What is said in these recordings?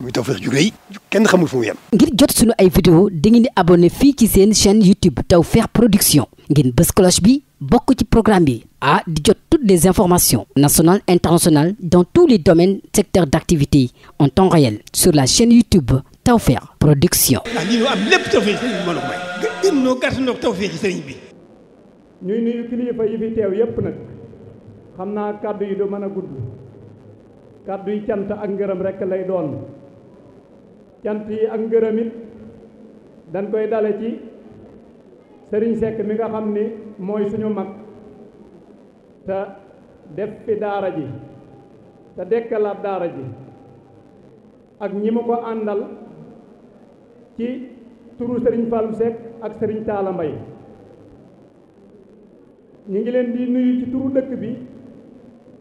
muy Tawfekh ju rëy kenn xamul ngir jot sunu ay vidéo dangeen di abonné fii ci seen chaîne YouTube Tawfekh Production ngeen bës cloche bi bokk ci programme bi a di jot toutes des informations national internationales dans tous les domaines secteurs d'activité en temps réel sur la chaîne YouTube Tawfekh Production. ah lii am lépp Tawfekh sëriñ bi mbooloo mooy. gën ñoo kilifa yi fi teew yépp nag xam naa kàddu yi du mën a gudd kàddu yi cant ak ngërëm rek lay doon. cant yi ak ngërëm it dañ koy dale ci sëriñ Seck mi nga xam ni mooy suñu mag te def fi daara ji te dekkalaat daara ji ak ñi mu ko àndal ci turu sëriñ Fallou Seck ak sëriñ Talla mbay ñu ngi leen di nuyu ci turu dëkk bi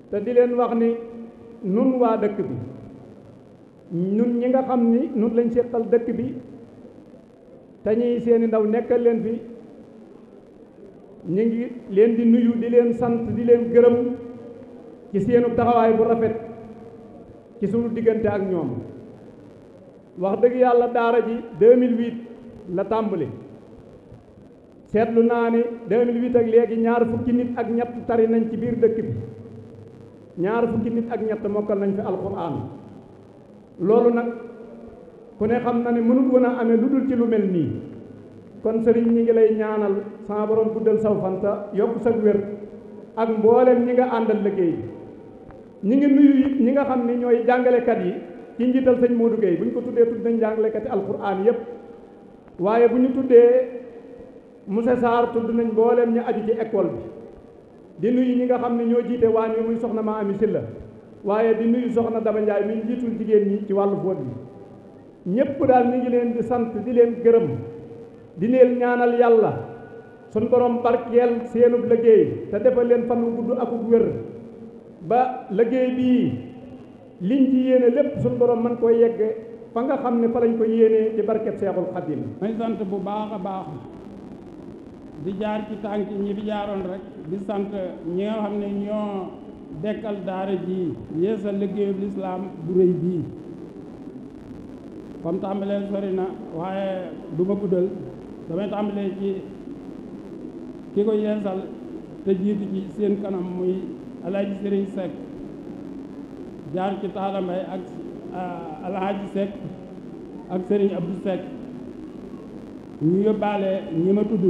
te di leen wax ni nun waa dëkk bi ñun ñi nga xam ni ñun lañ seqal dëkk bi te seeni ndaw nekkal leen fi ñu ngi leen di nuyu di leen sant di leen gërëm ci seenu taxawaay bu rafet ci suñu diggante ak ñoom wax dëgg yàlla daara ji 2008 la tàmbali seetlu naa ni 2008 ak léegi ñaar fukki nit ak ñett tari nañ ci biir dëkk bi ñaar fukki nit ak ñett mokkal nañ fi alxuraan loolu nag ku ne xam na ne mënul woon a amee lu ci lu mel nii kon sëriñ ñi ngi lay ñaanal sama borom guddal saw fanta yokk sa wér ak mboolem ñi nga àndal liggéey ñi ngi nuyu ñi nga xam ni ñooy jàngalekat yi ci njiital sañ Modou Gueye bu ñu ko tuddee tudd nañ jàngalekat yi alquran yépp waaye bu ñu tuddee monsieur Sarr tudd nañ mboolem ñu aju ci école bi di nuyu ñi nga xam ne ñoo jiite waañ wi muy soxna ma ami silla waaye di nuyu soxna Daba Ndiaye mi njiitul jigéen ñi ci wàllu foot bi ñépp daal ñu leen di sant di leen gërëm di leen ñaanal yàlla sun borom barkeel seenub liggéey te defal leen fan wu gudd akub wér ba liggéey bii liñ ci yéene lépp sun borom mën koy yegge fa nga xam ne fa lañ ko yéenee ci barkeb Seexul Xadim may sant bu baax a baax di jaar ci tànk ñi fi jaaroon rek di sant ñi nga xam ne ñoo dekkal daara ji yeesal liggéeyub lislaam bu rëy bii comme tàmbalee sori na waaye du ma guddal damay tàmbalee ci ki ko yeesal te jiitu ci seen kanam muy alaaji sëriñ Seck jaar ci Talla ak ah, alaaji Seck ak sëriñ Abdou Seck ñu yóbbaale ñi ma tudd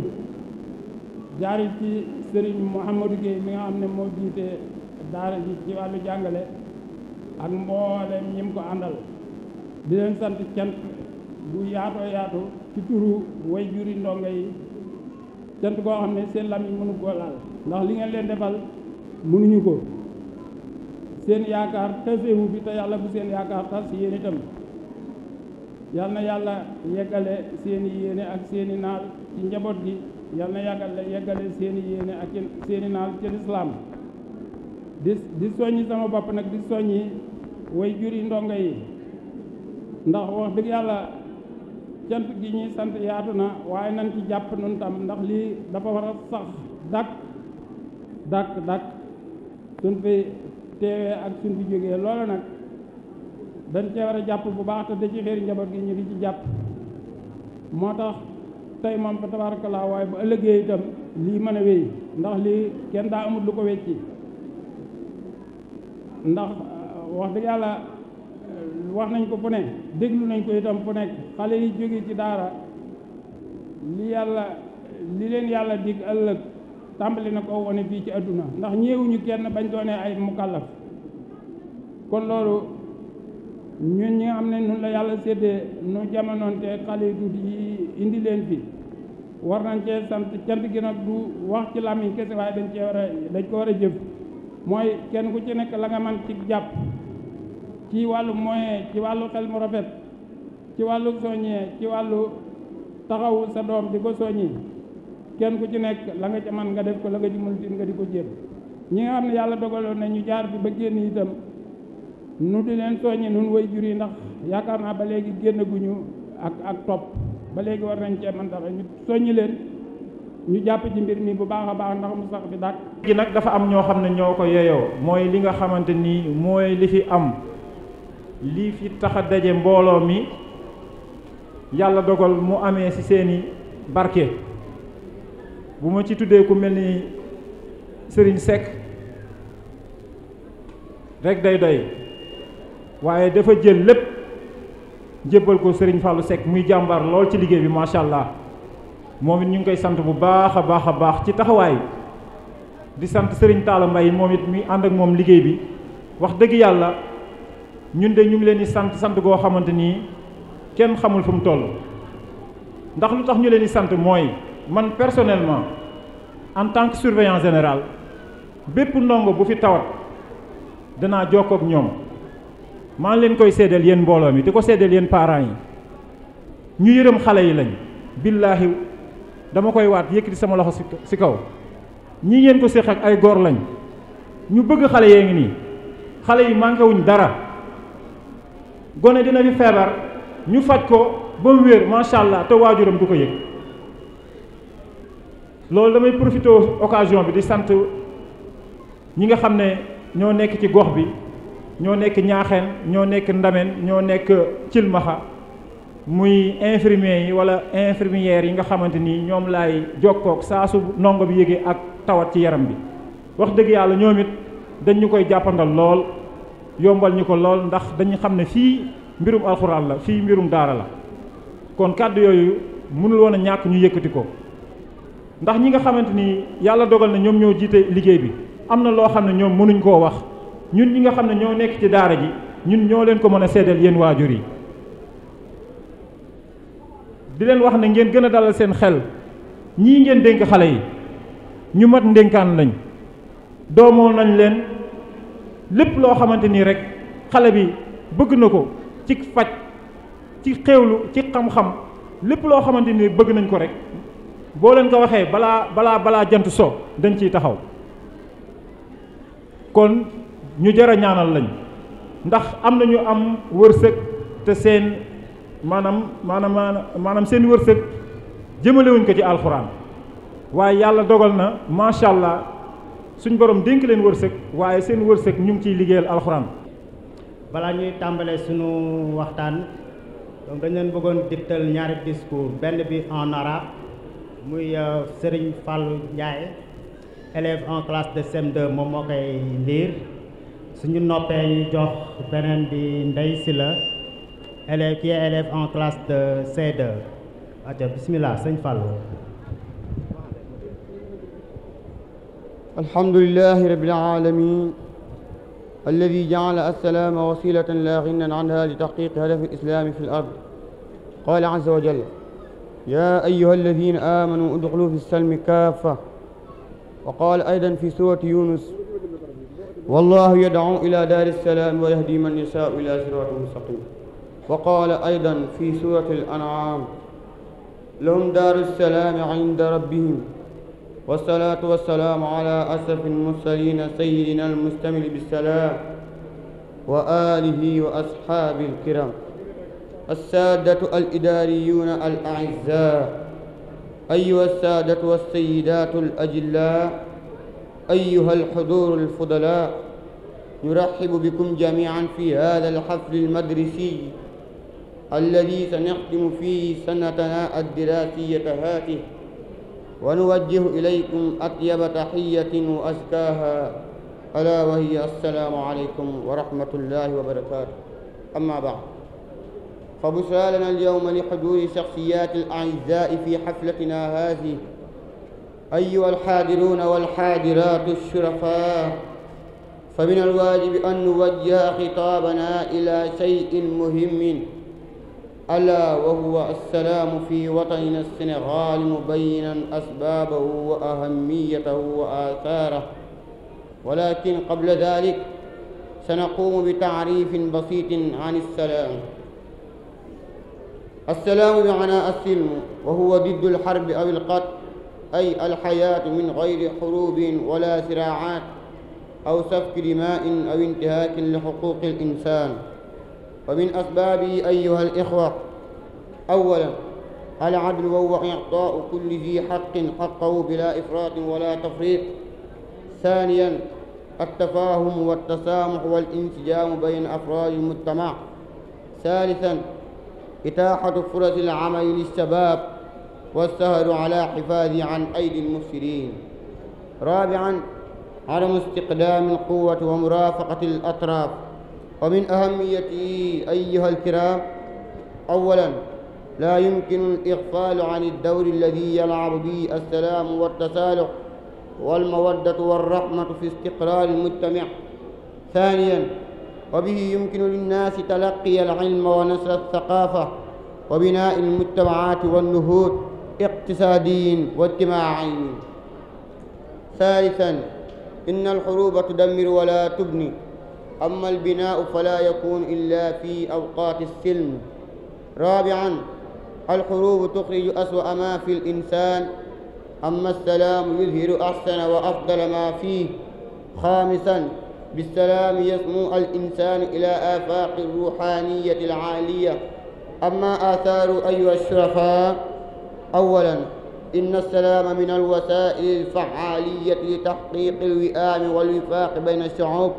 jaar ci sëriñ Mouhamadou Gueye mi nga xam ne moo jiite daara ji ci wàllu jàngale ak mboolem ñim ko àndal di leen sant cant bu yaatoo yaatu ci turu way juri ndongo yi cant koo xam ne seen lamiñ mënu koo laal ndax li ngeen leen defal mënuñu ko seen yaakaar tasewu bi te yàlla bu seen yaakaar tas yéen itam yal na yàlla yeggale seeni yéene ak seeni naal ci njaboot gi yal na yàggale yeggale seeni yéene ak seeni naal ci lislaam di di soññi sama bopp nag di soññi way jur yi ndongo yi ndax wax dëgg yàlla cant gi ñuy sant yaatu waaye nan ci jàpp nun tam ndax lii dafa war a sax dakk dakk dakk suñ fi teewee ak suñ nag dañ cee war a jàpp bu baax te da ci xëri gi ñu di ci jàpp moo tax tey moom fa bu ëllëgee itam mën a wéy ndax lii kenn daa amul lu ko wecci ndax euh, wax dëgg yàlla euh, wax nañ ko fu ne déglu nañ ko itam fu nekk xale yi jóge ci daara li yàlla li leen yàlla dig ëllëg tàmbali na ko wone fii ci adduna ndax ñeewuñu kenn bañ doonee ay mukallaf kon loolu ñun ñi nga xam ne nun la yàlla séddee nu jamonoonte xale yi tuuti yi indi leen fi war nañ cee sant cant gi nag du wax ci làmmiñ kese waaye dañ cee war a dañ ko war a jëf mooy kenn ku ci nekk la nga man ci jàpp ci wàllu moyen ci wàllu xel mu ci wàllu soññee ci wàllu taxawu sa doom di ko soññi kenn ku ci nekk la nga ca nga def ko la nga ci mën nga di ko jéem ñi nga xam ne yàlla dogaloon na ñu jaar bi ba génn itam nu di leen soññi nun way jur yi ndax yaakaar naa ba léegi génn guñu ak ak topp ba léegi war nañ cee man tax ñu leen ñu jàpp ci mbir mi bu baax a baax ndax mu sax fi dàkk gi nag dafa am ñoo xam ne ñoo ko yeyoo mooy li nga xamante ni mooy li fi am lii fi tax a daje mbooloo mi yàlla dogal mu amee ci seeni barke bu ma ci tuddee ku mel ni sëriñ Seck rek day doy waaye dafa jël lépp jébbal ko Serigne Fallou Seck muy jàmbar lool ci liggéey bi macha allah. moom it ñu ngi koy sant bu baax a baax a baax ci taxawaay di sant Serigne Talla Mbaye moom it mi ànd ak moom liggéey bi wax dëgg yàlla ñun de ñu ngi leen di sant sant goo xamante ni kenn xamul fu mu toll ndax lu tax ñu leen di sant mooy man personnellement en tant que général bépp ndongo bu fi tawat danaa jokkoo ak ñoom maa leen koy seedeel yéen mbooloo mi di ko seedeel yéen parents yi ñu yërëm xale yi lañ billaahi dama koy waat di sama loxo si kaw ñi ngeen ko séq ak ay góor lañ ñu bëgg xale yee ngi nii xale yi manqué wuñ dara gone dina fi feebar ñu faj ko ba wéer wér macha allah te waajuram du ko yëg loolu damay profité occasion bi di sant ñi nga xam ne ñoo nekk ci gox bi ñoo nekk ñaaxeen ñoo nekk ndamen ñoo nekk cilmaxa muy infirmier yi wala infirmières yi nga xamante ni ñoom laay jokkoog saa su ndongo bi yéegee ak tawat ci yaram bi wax dëgg yàlla ñoom it dañ koy jàppandal lool yombal ñu ko lool ndax dañu xam ne fii mbirum alxuraan la fii mbirum daara la kon kàddu yooyu mënul woon a ñàkk ñu yëkkati ko ndax ñi nga xamante ni yàlla dogal na ñoom ñoo jiite liggéey bi am na loo xam ne ñoom mënuñ koo wax ñun ñi nga xam ne ñoo nekk ci daara ji ñun ñoo leen ko mën a seedeel yéen waajur yi di leen wax ne ngeen gën a dalal seen xel ñii ngeen dénk xale yi ñu mat ndénkaan lañ doomoo nañ leen lépp loo xamante nii rek xale bi bëgg na ko ci faj ci xéewlu ci xam-xam lépp loo xamante ni bëgg nañ ko rek boo leen ko waxee balaa balaa balaa jant soo dañ ciy taxaw kon ñu jar a ñaanal lañ ndax am na ñu am wërsëg te seen maanaam maanaam maanaam seen wërsëg jëmalewuñ ko ci alxuraan waaye yàlla dogal na macha allah suñ borom dénk leen wërsëg waaye seen wërsëg ñu ngi ciy liggéeyal alxuraan. balaa ñuy tàmbalee suñu waxtaan donc dañ leen bëggoon digtal ñaari discours benn bi en arabe muy euh, Serigne Fallou Ndiaye élève en classe de CM2 moom moo koy suñu noppee ñu jox beneen bi Ndeye Sylla. élève qui est élève en classe de C2 aca bismillah sëñ Fallou alhamdulillahi rabbil alamin الذي جعل السلام وسيلة لا غنى عنها لتحقيق هدف الإسلام في الأرض قال عز وجل يا أيها الذين آمنوا ادخلوا في السلم كافة وقال أيضا في سورة يونس والله يدعو إلى دار السلام ويهدي من يشاء إلى صراط مستقيم وقال أيضا في سورة الأنعام لهم دار السلام عند ربهم والصلاة والسلام على أسف المرسلين سيدنا المستمل بالسلام وآله وأصحابه الكرام السادة الإداريون الأعزاء أيها السادة والسيدات الأجلاء أيها الحضور الفضلاء نرحب بكم جميعا في هذا الحفل المدرسي الذي سنختم فيه سنتنا الدراسية هاته ونوجه إليكم أطيب تحية وأزكاها ألا وهي السلام عليكم ورحمة الله وبركاته أما بعد فبشرى لنا اليوم لحضور شخصيات الأعزاء في حفلتنا هذه أيها الحاضرون والحاضرات الشرفاء فمن الواجب أن نوجه خطابنا إلى شيء مهم ألا وهو السلام في وطننا السنغال مبينا أسبابه وأهميته وآثاره ولكن قبل ذلك سنقوم بتعريف بسيط عن السلام السلام بمعنى السلم وهو ضد الحرب أو القتل أي الحياة من غير حروب ولا صراعات أو سفك دماء أو انتهاك لحقوق الإنسان ومن أسبابه أيها الإخوة أولا العدل وهو إعطاء كل ذي حق حقه بلا إفراط ولا تفريط ثانيا التفاهم والتسامح والانسجام بين أفراد المجتمع ثالثا إتاحة فرص العمل للشباب والسهر على حفاظ عن أيدي المفسدين رابعا عدم استقدام القوة ومرافقة الأطراف ومن أهميته أيها الكرام أولا لا يمكن الإغفال عن الدور الذي يلعب به السلام والتصالح والمودة والرحمة في استقرار المجتمع ثانيا وبه يمكن للناس تلقي العلم ونشر الثقافة وبناء المجتمعات والنهوض اقتصادي واجتماعي ثالثا إن الحروب تدمر ولا تبني أما البناء فلا يكون إلا في أوقات السلم رابعا الحروب تخرج أسوأ ما في الإنسان أما السلام يظهر أحسن وأفضل ما فيه خامسا بالسلام يصمو الإنسان إلى آفاق الروحانية العالية أما آثار أيها الشرفاء أولا إن السلام من الوسائل الفعالية لتحقيق الوئام والوفاق بين الشعوب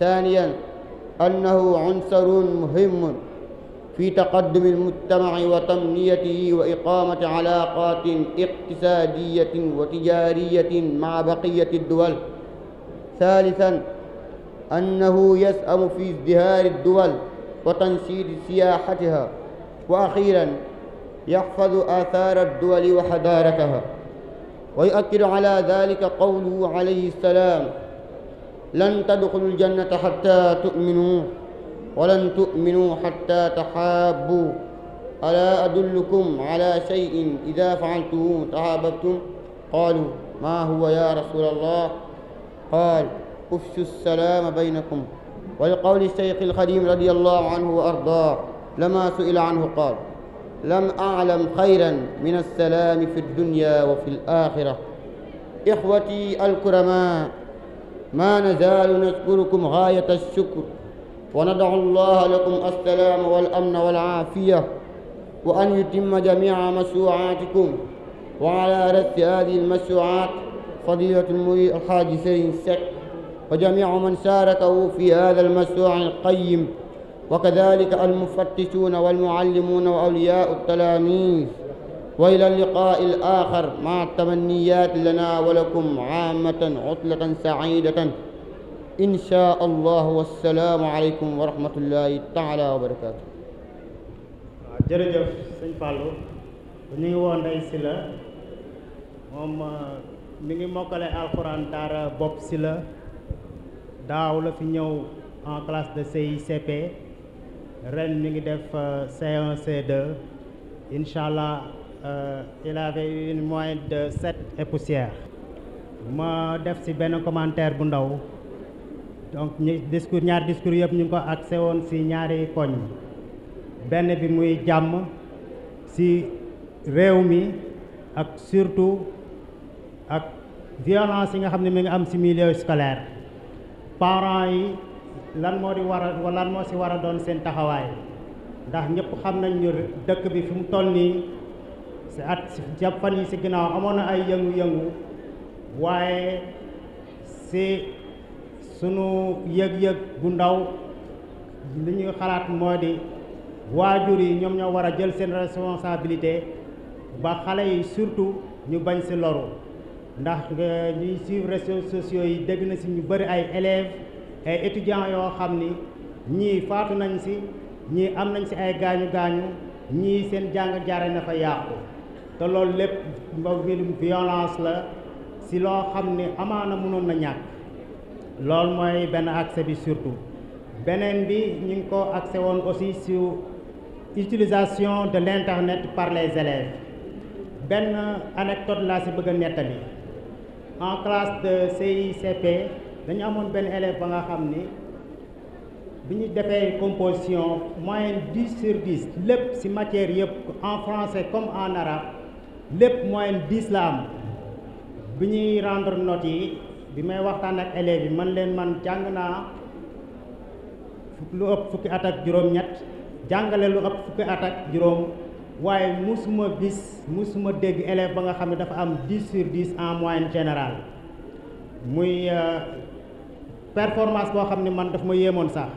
ثانيا أنه عنصر مهم في تقدم المجتمع وتنميته وإقامة علاقات اقتصادية وتجارية مع بقية الدول ثالثا أنه يسأم في ازدهار الدول وتنشيط سياحتها وأخيرا يحفظ آثار الدول وحضارتها ويؤكد على ذلك قوله عليه السلام lan tadxulu ljannata xatta tuminuu walan tuminuu xatta taxaabuu alaa adullukum ala cheyin ida faaltuhu taxaababtum qaalu maa huwa ya rasul allah qaal ufshu salaama baynakum wa liqawli cheikh alxadim radi allahu anhu wa ardaa lama su'ila anhu qaal lam aclam xayran min alsalaami fi ldunya wa fi alaxira ixwati alkuramaa ما نزال نذكركم غاية الشكر وندعو الله لكم السلام والأمن والعافية وأن يتم جميع مشروعاتكم وعلى رث هذه المشروعات فضيلة المريد الحاج سيد سك وجميع من شاركه في هذا المشروع القيم وكذلك المفتشون والمعلمون وأولياء التلاميذ وإلى اللقاء الآخر مع التمنيات لنا ngi woon Ndeye la moom mi ngi mokkale alxuraan daara bopp Sylla daaw la fi ñëw en classe de CICP ren mi ngi def C1 c euh, il avait eu de sept et ma def ci benn commentaire bu ndaw donc ñu discours ñaari discours yëpp ñu ngi ko axé woon ci ñaari koñ benn bi muy jàmm ci réew mi ak surtout ak violence yi nga xam ne mi ngi am ci milieu scolaire parents yi lan moo di war a lan moo ci war a doon seen taxawaay ndax ñëpp xam nañ dëkk bi fi mu toll nii si at si jàppan yi si ginaaw amoon na ay yëngu-yëngu waaye si sunu yëg-yëg bu ndaw li ñuy xalaat moo di waajur yi ñoom ñoo war a jël seen responsabilité ba xale yi surtout ñu bañ si loru ndax eh, ñuy suivre réseaux sociaux yi dégg na si ñu bëri ay élèves ay étudiants yoo xam ni ñii faatu nañ si ñii am nañ si ay gaañu gaañu ñii seen jàng jaare na fa yàqu te loolu lépp ba mbirum violence la si loo xam ni amaana mënoon na ñàkk loolu mooy benn accès bi surtout beneen bi ñu ngi ko accès woon aussi sur utilisation de l'internet par les élèves benn anecdote laa si bëgg a nettali en classe de CICP dañu amoon benn élève ba nga xam ni bi ñu defee composition moyenne dix sur lépp si matière yëpp en français comme en arabe lépp moyenne dix la am bi ñuy rendre notes bi may waxtaan ak élèves bi man leen man jàng naa lu ëpp fukki at ak juróom-ñett jàngale lu ëpp fukki at ak juróom waaye musuma bis musuma dégg élève ba nga xam ne dafa am dix sur dix en moyenne générale muy euh, performance boo xam ne man daf ma yéemoon sax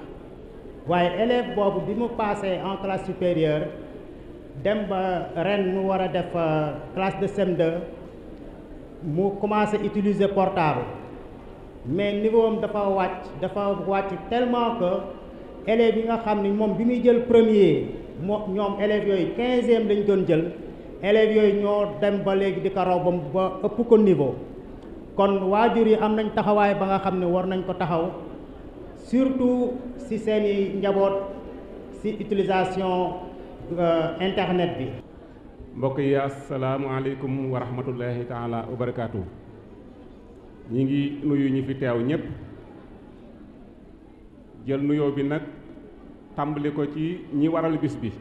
waaye élève boobu bi mu passé en classe supérieure dem ba ren ñu war a def euh, classe de CM2 mu commencé utiliser portable mais niveau dafa wàcc dafa wàcc tellement que élèves yi nga xam ni moom bi muy jël premier moo ñoom élèves yooyu quinzième lañ doon jël élèves yooyu ñoo dem ba léegi di ko raw ba ba ëpp ko niveau kon waajur yi am nañ taxawaay ba nga xam ne war nañ ko taxaw surtout si seeni njaboot si utilisation Euh, internet bi mbokk yi asalaamualeykum wa rahmatullahi taala wa barakaatu ñi ngi nuyu fi teew ñépp jël nuyoo bi nag tàmbali ko ci ñi waral bis bi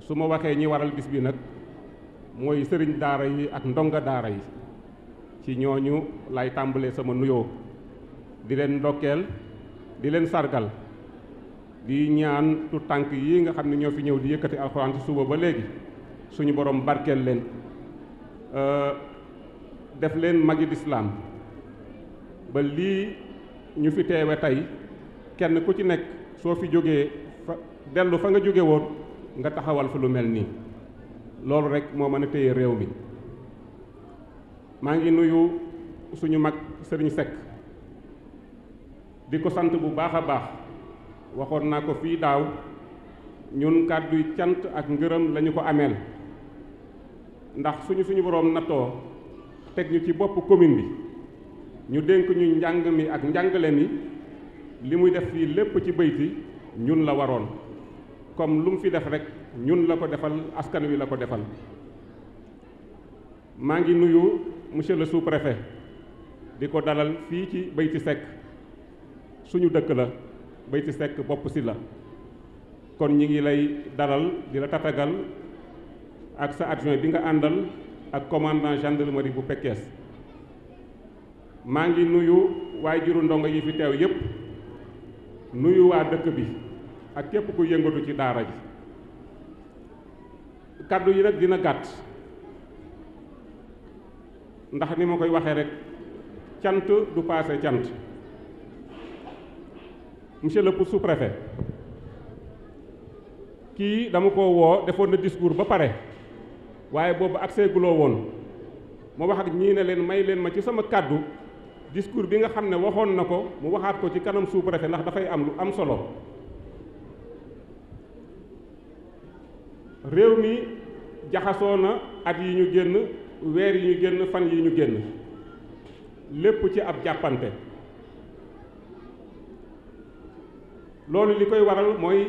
su ma waxee ñi waral bis bi nag mooy sëriñ daara yi ak ndonga daara yi ci ñooñu lay tàmbalee sama nuyoo di leen ndokkeel di leen sargal di ñaan tu tànk yi nga xam ne ñoo fi ñëw di yëkkati alxuraan ci suba ba léegi suñu borom barkeel leen euh, def leen magi lislaam ba lii ñu fi teewe tey kenn ku ci nekk soo fi jógee fa dellu fa nga jóge woon nga taxawal fa lu mel nii loolu rek moo mën a téye réew mi maa ngi nuyu suñu mag sëriñ sek di ko sant bu baax a baax waxoon naa ko fii daaw ñun kàdduy cant ak ngërëm lañu ko ameel ndax suñu suñu boroom nattoo teg ñu ci boppu commune bi ñu dénk ñu njàng mi ak njàngale mi li muy def fii lépp ci bayti ñun la waroon comme lu fi def rek ñun la ko defal askan wi la ko defal maa ngi nuyu monsieur le sous di ko dalal fii ci bayti sec suñu dëkk la Bayti Seck bopp si la kon ñi ngi lay dalal di la tatagal ak sa adjoint bi nga àndal ak commandant gendarmerie bu Pekes maa ngi nuyu waajuru ndongo yi fi teew yépp nuyu waa dëkk bi ak képp ku yëngatu ci daara ji kàddu yi nag dina gàtt ndax ni ma koy waxee rek cant du paase cant monsieur le sous-préfet kii dama ko woo defoon na discours ba pare waaye boobu accès guloo woon ma wax ñii ne leen may leen ma ci sama kàddu discours bi nga xam ne waxoon na ko mu waxaat ko ci kanam sous-préfet ndax dafay am lu am solo réew mi jaxasoo na at yi ñu génn weer yi ñu génn fan yi ñu génn lépp ci ab jàppante loolu li koy waral mooy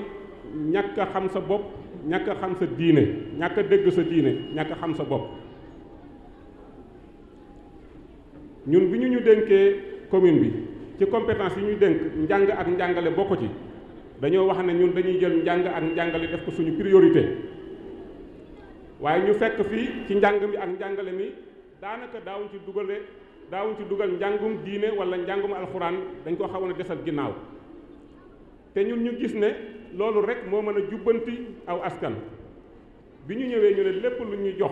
ñàkk xam sa bopp ñàkk xam sa diine ñàkk a dégg sa diine ñàkk xam sa bopp ñun bi ñu ñu dénkee commune bi ci compétence yi ñu dénk njàng ak njàngale bokk ci dañoo wax ne ñun dañuy jël njàng ak njàngale def ko suñu priorité waaye ñu fekk fii ci njàng mi ak njàngale mi daanaka daawuñ ci dugale daawuñ ci dugal njàngum diine wala njàngum alxuraan dañ ko xawoon a desal ginnaaw te ñun ñu gis ne loolu rek moo mën a jubbanti aw askan bi ñu ñëwee ñu ne lépp lu ñu jox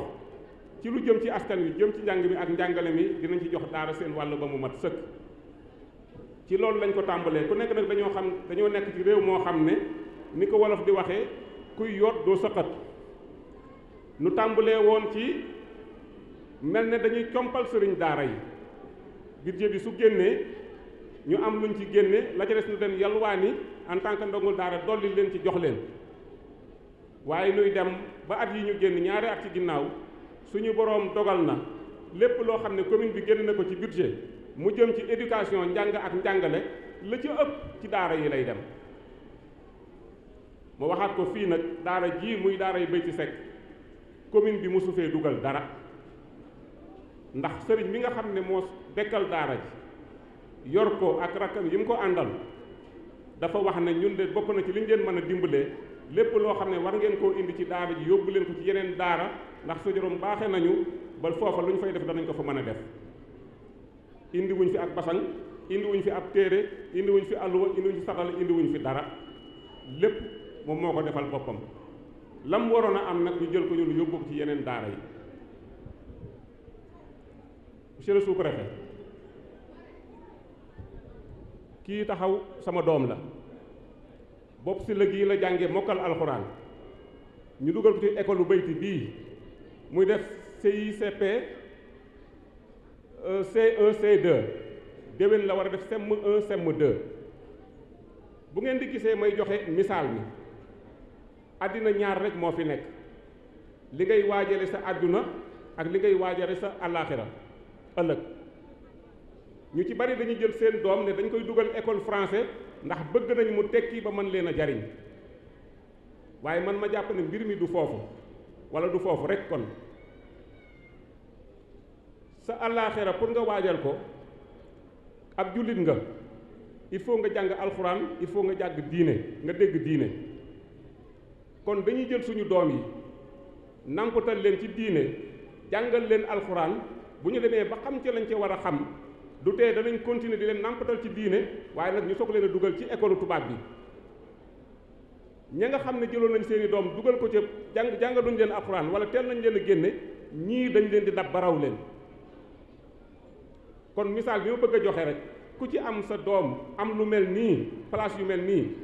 ci lu jëm ci askan wi jëm ci njàng mi ak njàngale mi dinañ ci jox daara seen wàll ba mu mat sëkk ci loolu lañ ko tàmbalee ku nekk nag dañoo xam dañoo nekk ci réew moo xam ne ni ko wolof di waxee kuy yoot doo sëqat nu tàmbalee woon ci mel ne dañuy compal sëriñ daara yi budget bi su génnee ñu am luñ ci génne la ca des ñu dem yalwaani en tant que ndongul daara dolli leen ci jox leen waaye nuy dem ba at yi ñu génn ñaari at ci ginnaaw suñu boroom dogal na lépp loo xam ne commune bi génn na ko ci budget mu jëm ci éducation njàng ak njàngale la ci ëpp ci daara yi lay dem ma waxaat ko fii nag daara jii muy daara yi ci Seck commune bi mosu fee dugal dara ndax sëriñ bi nga xam ne moos dekkal daara ji yor ko ak rakkam yi mu ko àndal dafa wax ne ñun de bokk na ci li ñu leen mën a dimbalee lépp loo xam ne war ngeen koo indi ci daara ji yóbbu leen ko ci yeneen daara ndax su juróom baaxee nañu ba foofa lu ñu fay def danañ ko fa mën a def indiwuñ wuñ fi ak basan indiwuñ wuñ fi ab téere indiwuñ wuñ fi alluwa indi fi saxal indi wuñ fi dara lépp moom moo ko defal boppam lam waroon a am nag ñu jël ko ñun yóbbu ko ci yeneen daara yi monsieur le sous kii taxaw sama doom la bopp si la la jànge mokkal alxuraan ñu dugal ko ci école bu bayti bii muy def CICP C1 C2 déwén la war a def sem 1 sem bu ngeen di gisee may joxe misaal mi àddina ñaar rek moo fi nekk li ngay waajale sa àdduna ak li ngay waajale sa àllaaxira ëllëg ñu ci bari dañu jël seen doom ne dañ koy dugal école français ndax bëgg nañ mu tekki ba mën leen a jariñ waaye man ma jàpp ne mbir mi du foofu wala du foofu rek kon sa àllaaxira pour nga waajal ko ab jullit nga il faut nga jàng alxuraan il faut nga jàgg diine nga dégg diine kon dañuy jël suñu doom yi nampatal leen ci diine jàngal leen alxuraan bu ñu demee ba xam ca lañ ca war a xam du tee danañ continuer di leen nampatal ci diine waaye nag ñu soog leen dugal ci école tubaab bi ña nga xam ne jëloon nañ seen i doom dugal ko ca jàng duñu leen alxuraan wala teel nañ leen a génne ñii dañ leen di dab ba leen kon misaal bi ma bëgg a joxe rek ku ci am sa doom am lu mel nii place yu mel nii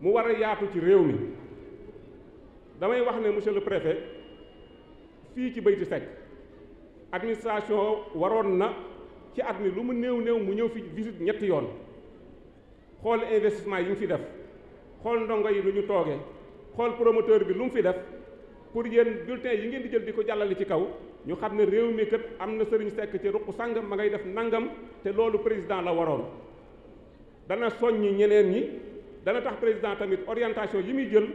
mu war a yaatu ci réew mi damay wax ne monsieur le préfet fii ci Bayti Seck administration waroon na ci at mi lu mu néew néew mu ñëw fi visite ñetti yoon xool investissement yi mu fi def xool ndongo yi lu ñu tooge xool promoteur bi lu mu fi def pour yéen bulletin yi ngeen di jël di ko jàllale ci kaw ñu xam ne réew mi kat am na sëriñ sekk ci ruq sàngam ma ngay def nangam te loolu président la waroon dana soññi ñeneen ñi dana tax président tamit orientation yi muy jël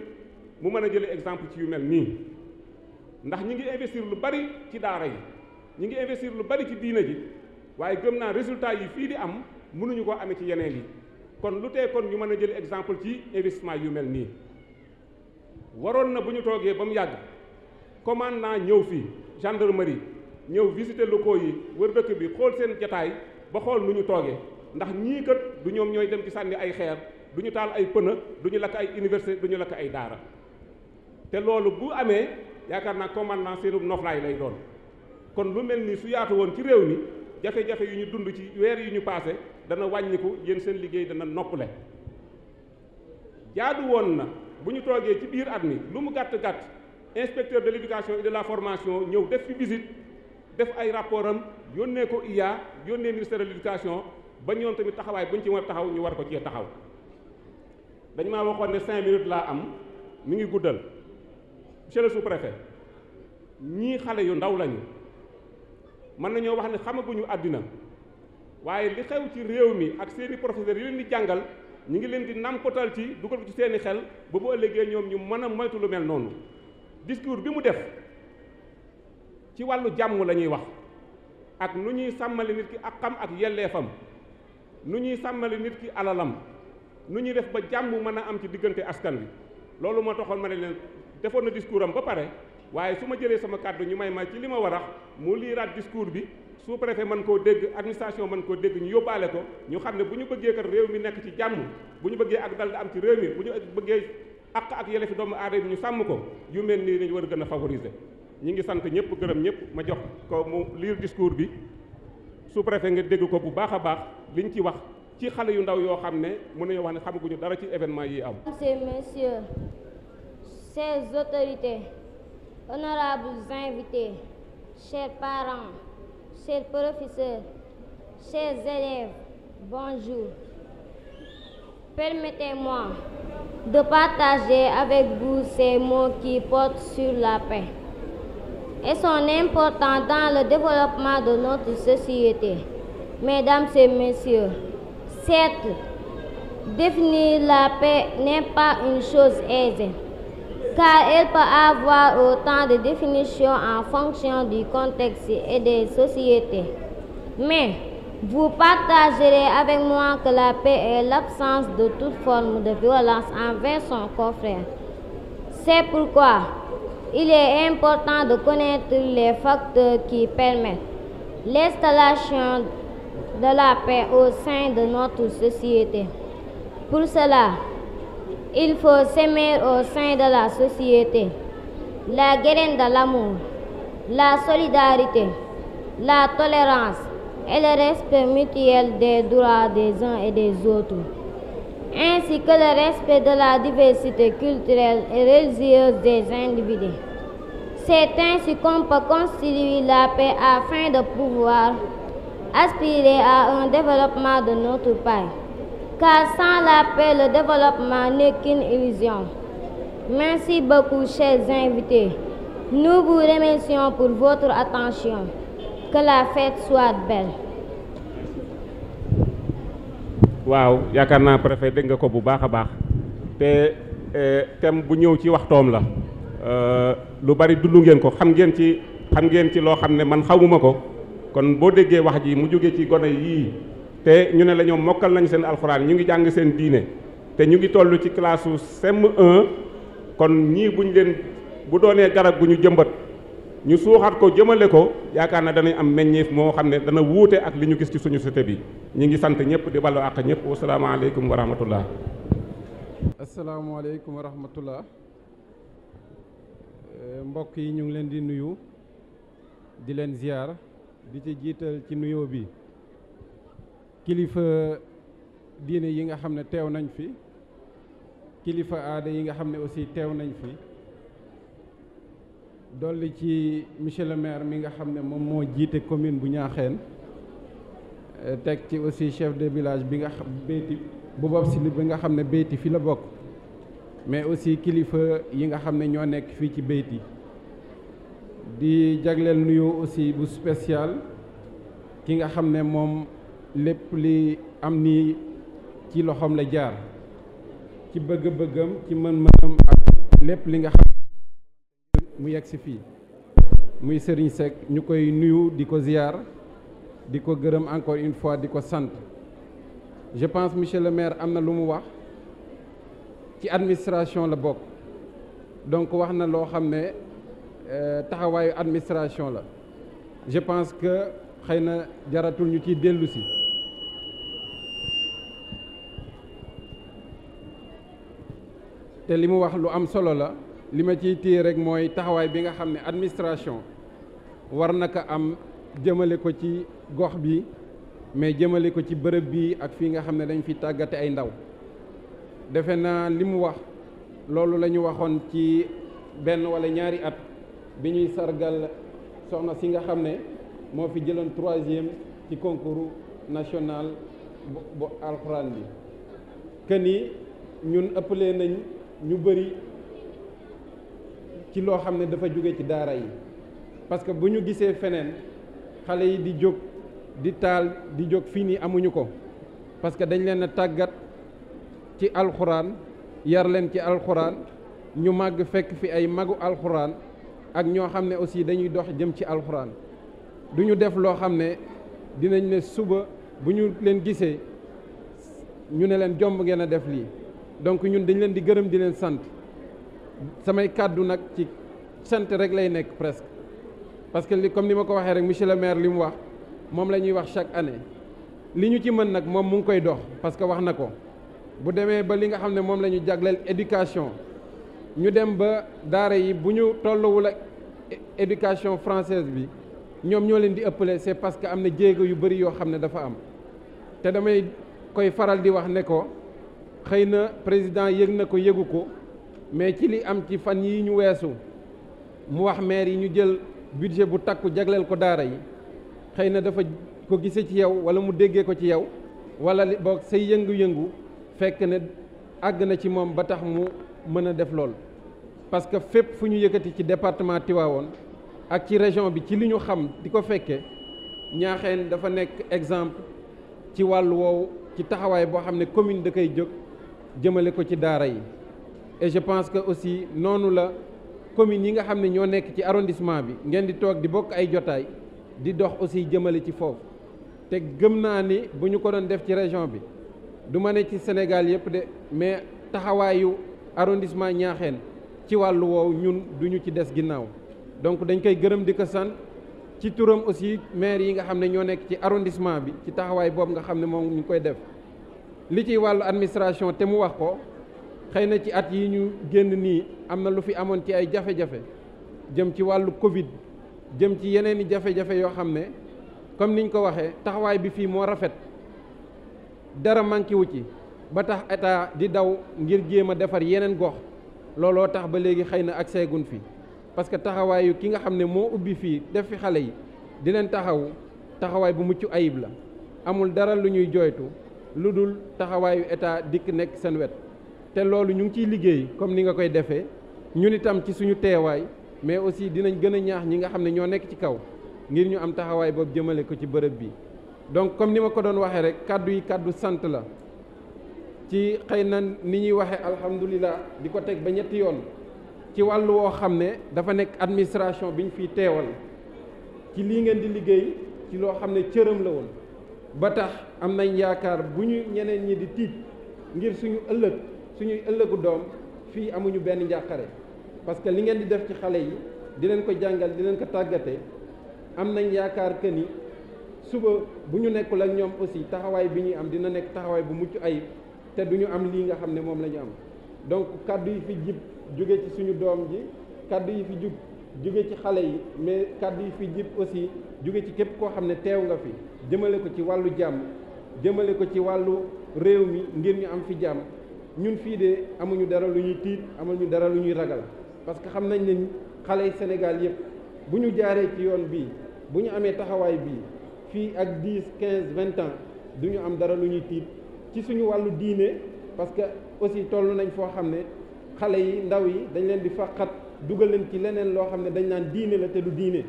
mu mën a jëlee exemple ci yu mel nii ndax ñi ngi investir lu bari ci daara yi ñi ngi investir lu bari ci diina ji waaye gëm naa résultat yi fii di am mënuñu ko amee ci yeneen yi kon lu tee kon ñu mën a jël exemple ci investissement yu mel nii waroon na bu ñu toogee ba mu yàgg commandant ñëw fii gendarmerie ñëw visiter locaux yi wër dëkk bi xool seen jataay ba xool nu ñu tooge ndax ñii kat du ñoom ñooy dem ci sànni ay xeer du ñu taal ay pëna du ñu lakk ay université du ñu lakk ay daara te loolu bu amee yaakaar naa commandant seenub noflaay lay doon kon lu mel ni yaatu woon ci réew mi jafe-jafe yu ñu dund ci weer yu ñu paase dana wàññiku yéen seen liggéey dana noppale jaadu woon na bu ñu toogee ci biir at mi lu mu gàtt gàtt inspecteur de l'éducation et de la formation ñëw def fi visite def ay rapport am yónnee ko IA yónnee ministère de l'éducation ba ñoom tamit taxawaay buñ ñu ci war taxaw ñu war ko cee taxaw dañ maa waxoon ne cinq minutes laa am mi ngi guddal monsieur le ñii xale yu ndaw lañu mën nañoo wax ne xamaguñu àddina waaye li xew ci réew mi ak seeni professeurs yi leen di jàngal ñu ngi leen di nampotal ci dugal ko ci seeni xel ba bu ëllëgee ñoom ñu mën a moytu lu mel noonu discours bi mu def ci wàllu jàmmu lañuy wax ak nu ñuy sàmmali nit ki ak xam ak fam nu ñuy sàmmali nit ki alalam nu ñuy def ba jàmm mën a am ci diggante askan bi loolu moo taxoon ma ne leen defoon na diskuuram ba pare waaye su ma jëlee sama kàddu ñu may ma ci li ma war a mu liiraat discours bi sous préfet mën koo dégg administration man koo dégg ñu yóbbaale ko ñu xam ne bu ñu bëggee kat réew mi nekk ci jàmm bu ñu bëggee ak dal am ci réew mi bu ñu bëggee àq ak yelleefi doomu aadama bi ñu sàmm ko yu mel nii dañu war a gën a favoriser ñi ngi sant ñëpp gërëm ñëpp ma jox ko mu liir discours bi sous préfet nga dégg ko bu baax a baax liñ ci wax ci xale yu ndaw yoo xam ne mën nañoo wax ne xamaguñu dara ci événement yi am. Mesdames et messieurs, ces honorables invités, chers parents, chers professeurs, chers élèves, bonjour. Permettez-moi de partager avec vous ces mots qui portent sur la paix et sont importants dans le développement de notre société. Mesdames et messieurs, certes, définir la paix n'est pas une chose aisée. car elle peut avoir autant de définitions en fonction du contexte et des sociétés. Mais vous partagerez avec moi que la paix est l'absence de toute forme de violence envers son confrère. C'est pourquoi il est important de connaître les facteurs qui permettent l'installation de la paix au sein de notre société. Pour cela, Il faut s'aimer au sein de la société. La graine de l'amour, la solidarité, la tolérance et le respect mutuel des droits des uns et des autres, ainsi que le respect de la diversité culturelle et religieuse des individus. C'est ainsi qu'on peut constituer la paix afin de pouvoir aspirer à un développement de notre pays. car sans la paix, le développement n'est qu'une illusion. Merci beaucoup, chers invités. Nous vous remercions pour votre attention. Que la fête soit waaw yaakaar naa préfet dégg nga ko bu baax a baax te eh, thème bu ñëw ci waxtoom la eh, lu bari dund ngeen ko xam ngeen ci xam ngeen ci loo xam ne man xamuma ko kon boo déggee wax ji mu jóge ci gone yii te ñu ne la ñoom mokkal nañ seen alxuraan ñu ngi jàng seen diine te ñu ngi toll ci classe semm cm kon ñii buñ leen bu doonee garab gu ñu jëmbat ñu suuxat ko jëmale ko yaakaar na danañ am meññeef moo xam ne dana wuute ak li ñu gis ci suñu société bi ñu ngi sant ñëpp di ballu àq ñëpp wasalaamaaleykum wa rahmatullah asalaamaaleykum wa rahmatullah eh, mbokk yi ñu ngi leen di nuyu di leen ziar di ci jiital ci nuyoo bi kilifa diine yi nga xam ne teew nañ fi kilifa aada yi nga xam ne aussi teew nañ fi dolli ci monsieur le maire mi nga xam ne moom moo jiite commune bu ñaaxeen euh, teg ci aussi chef de village bi nga xam béyti bu bopp si bi nga xam ne béyti fi la bokk mais aussi kilifa yi nga xam ne ñoo nekk fii ci béyti di jagleel nuyoo aussi bu spécial ki nga xam ne moom lépp li am nii ci loxoom la jaar ci bëgg-bëggam ci mën-mënam ak lépp li nga xam mu yegg si fii muy Serigne Seck ñu koy nuyu di ko ziar di ko gërëm encore une fois di ko sant je pense monsieur le maire am na lu mu wax ci administration la bokk donc wax na loo xam ne euh, taxawaayu administration la je pense que xëy na jaratul ñu ciy te li mu wax lu am solo la li ma ciy téye rek mooy taxawaay bi nga xam ne administration war na ko am jëmale ko ci gox bi mais jëmale ko ci bërëb bi ak fii nga xam ne dañ fi tàggate ay ndaw defe naa li mu wax loolu lañu waxoon ci benn walla ñaari at bi ñuy sargal soxna si nga xam ne moo fi jëloon troisième ci concours national bu alxuraan bi que ni ñun ëppalee nañ ñu bëri ci loo xam ne dafa jóge ci daara yi parce que bu ñu gisee feneen xale yi di jóg di taal di jóg fii nii amuñu ko parce que dañ leen tàggat ci alxuraan yar leen ci alxuraan ñu màgg fekk fi ay magu alxuraan ak ñoo xam ne aussi dañuy dox jëm ci alxuraan. du ñu def loo xam ne dinañ ne suba bu ñu leen gisee ñu ne leen jomb ngeen a def lii donc ñun dañu leen di gërëm di leen sant samay kàddu nag ci sant rek lay nekk presque parce que li comme ni ma ko waxee rek monsieur le maire li mu wax moom la ñuy wax chaque année li ñu ci mën nag moom mu ngi koy dox parce que wax na ko bu demee ba li nga xam ne moom la ñu jagleel éducation ñu dem ba daara yi bu ñu tolluwul ak éducation française bi ñoom ñoo leen di ëppale c'est parce que am na jéego yu bëri yoo xam ne dafa am te damay koy faral di wax ne ko xëy na président yëg na ko yëgu ko mais ci li am ci fan yi ñu weesu mu wax maire yi ñu jël budget bu takku jagleel ko daara yi xëy na dafa ko gise ci yow wala mu déggee ko ci yow wala boog say yëngu-yëngu fekk ne àgg na ci moom ba tax mu mën a def lool parce que fépp fu ñu yëkkati ci département Tivaouane ak ci région bi ci li ñu xam di ko fekkee ñaaxeen dafa nekk exemple ci wàllu woowu ci taxawaay boo xam ne commune da koy jóg jëmale ko ci daara yi et je pense que aussi noonu la commune yi nga xam ne ñoo nekk ci arrondissement bi ngeen di toog di bokk ay jotaay di dox aussi jëmale ci foofu te gëm naa ni bu ñu ko doon def ci région bi du ma ne ci Sénégal yëpp de mais taxawaayu arrondissement ñaaxeen ci wàllu woowu ñun duñu ci des ginnaaw donc dañ koy gërëm di ko sant ci turam aussi maire yi nga xam ne ñoo nekk ci arrondissement bi ci taxawaay boobu nga xam ne moom ñu koy def li ci wàllu administration te mu wax ko xëy na ci at yi ñu génn nii am na lu fi amoon ci ay jafe-jafe jëm ci wàllu Covid jëm ci yeneen i jafe-jafe yoo xam ne comme niñ ko waxee taxawaay bi fii moo rafet dara manqué wu ci ba tax état di daw ngir jéem a defar yeneen gox looloo tax ba léegi xëy na ak seegun fii parce que taxawaayu ki nga xam ne moo ubbi fii def fi xale yi di leen taxaw taxawaay bu mucc ayib la amul dara lu ñuy jooytu lu dul taxawaayu état dikk nekk seen wet te loolu ñu ngi ciy liggéey comme ni nga koy defee ñun itam ci suñu teewaay mais aussi dinañ gën a ñaax ñi nga xam ne ñoo nekk ci kaw ngir ñu am taxawaay boobu jëmale ko ci bërëb bi donc comme ni ma ko doon waxee rek kàddu yi kàddu sant la ci xëy na ni ñuy waxee alhamdulilah di ko teg ba ñetti yoon ci wàllu woo xam ne dafa nekk administration bi ñu fiy teewal ci lii ngeen di liggéey ci loo xam ne cëram la woon ba tax am nañ yaakaar bu ñu ñeneen ñi di tiit ngir suñu ëllëg suñuy ëllëgu doom fii amuñu benn njàqare parce que li ngeen di def ci xale yi di leen ko jàngal di leen ko tàggate am nañ yaakaar que ni suba bu ñu nekkul ak ñoom aussi taxawaay bi ñuy am dina nekk taxawaay bu mucc ayib te du ñu am lii nga xam ne moom la ñu am donc kaddu yi fi jib jóge ci suñu doom ji kaddu yi fi jub jóge ci xale yi mais kaddu yi fi jib aussi jóge ci képp koo xam ne teew nga fi jëmale ko ci wàllu jàmm jëmale ko ci wàllu réew mi ngir ñu am fi jàmm ñun fii de amuñu dara lu ñuy tiit amuñu dara lu ñuy ragal parce que xam nañ ne xale yi Sénégal yëpp bu ñu jaaree ci yoon bii bu ñu amee taxawaay bii fii ak dix quinze vingt ans du ñu am dara lu ñuy tiit ci suñu wàllu diine parce que aussi toll nañ foo xam ne xale yi ndaw yi dañ leen di faqat dugal leen ci leneen loo xam ne dañ naan diine la te du diine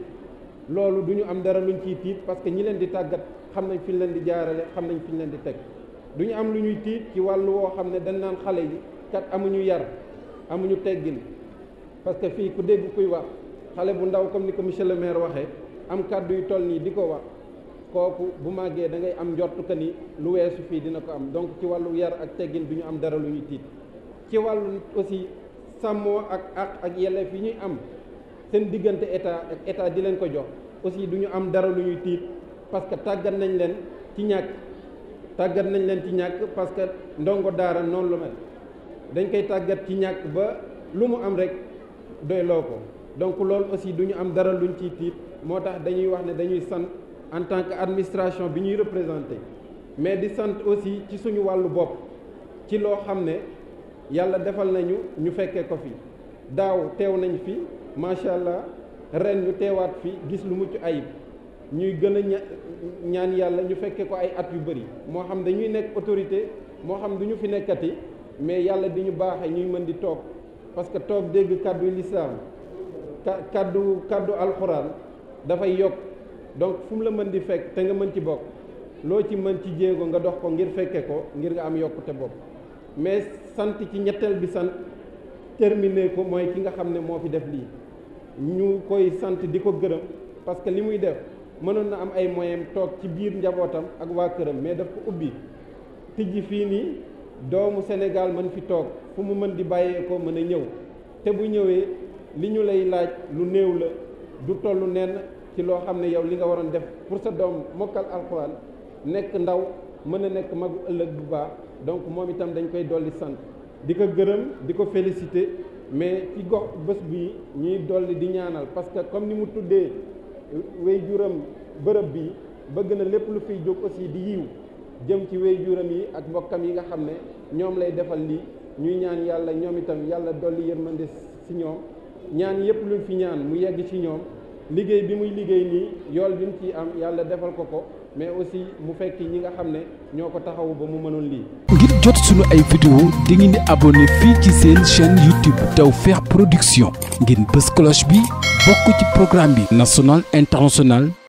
loolu du ñu am dara luñ ciy tiit parce que ñi leen di tàggat xam nañ fi ñu leen di jaarale xam nañ fi ñu leen di teg du ñu am lu ñuy tiit ci wàllu woo xam ne dañ naan xale yi kat amuñu yar amuñu teggin parce que fii ku dégg kuy wax xale bu ndaw comme ni ko monsieur le maire waxee am kàddu yu toll nii di ko wax kooku bu màggee dangay am njortu que ni lu weesu fii dina ko am donc ci wàllu yar ak teggin du ñu am dara lu ñuy tiit ci wàllu aussi sàmmoo ak àq ak yelleef yi ñuy am seen diggante état ak état di leen ko jox aussi du ñu am dara lu ñuy tiit parce que tàggat nañ leen ci ñàkk tàggat nañ leen ci ñàkk parce que ndongo daara noonu lu mel dañ koy tàggat ci ñàkk ba lu mu am rek doyloo ko donc loolu aussi duñu am dara luñ ciy tiit moo tax dañuy wax ne dañuy sant. en tant que administration bi ñuy représenté mais di sant aussi ci suñu wàllu bopp ci loo xam ne yàlla defal nañu ñu fekkee ko fi daaw teew nañ fi macha allah ren ñu teewaat fi gis lu mucc ayib ñuy gën a ñaan yàlla ñu fekkee ko ay at yu bëri moo xam dañuy nekk autorité moo xam duñu fi nekkati mais yàlla di ñu baaxee ñuy mën di toog parce que toog dégg kàddu lislaam kàddu kàddu alxuraan dafay yokk. donc fu mu la mën di fekk te nga mën ci bokk loo ci mën ci jéego nga dox ko ngir fekke ko ngir nga am yokkute bopp mais sant ci ñetteel bi sant terminer ko mooy ki nga xam ne moo fi def lii ñu koy sant di ko gërëm parce que li muy def mënoon na am ay moyem toog ci biir njabootam ak waa këram mais daf ko ubbi tijji fii nii doomu Sénégal mën fi toog fu mu mën di bàyyeekoo mën a ñëw te bu ñëwee li ñu lay laaj lu néew la du tollu nenn ci loo xam ne yow li nga waroon def pour sa doom mokkal alxuraan nekk ndaw mën a nekk magu ëllëg bu baax donc moom itam dañ koy dolli sant di ko gërëm di ko féliciter mais ci gox bés bii ñuy dolli di ñaanal parce que comme ni mu tuddee wéy juram bërëb bi bëgg na lépp lu fiy jóg aussi di yiw jëm ci wéy juram yi ak mbokkam yi nga xam ne ñoom lay defal lii ñuy ñaan yàlla ñoom itam yàlla dolli yërmande si ñoom ñaan yépp lu fi ñaan mu yegg ci ñoom liggéey bi muy liggéey nii yool bi mu ciy am yàlla defal ko ko mais aussi mu fekk ñi nga xam ne ñoo ko taxawu ba mu mënoon lii. ngir jot sunu ay vidéo di ngeen di abonné fii ci seen chaîne YouTube feex Production ngeen bës cloche bi bokk ci programme bi national international.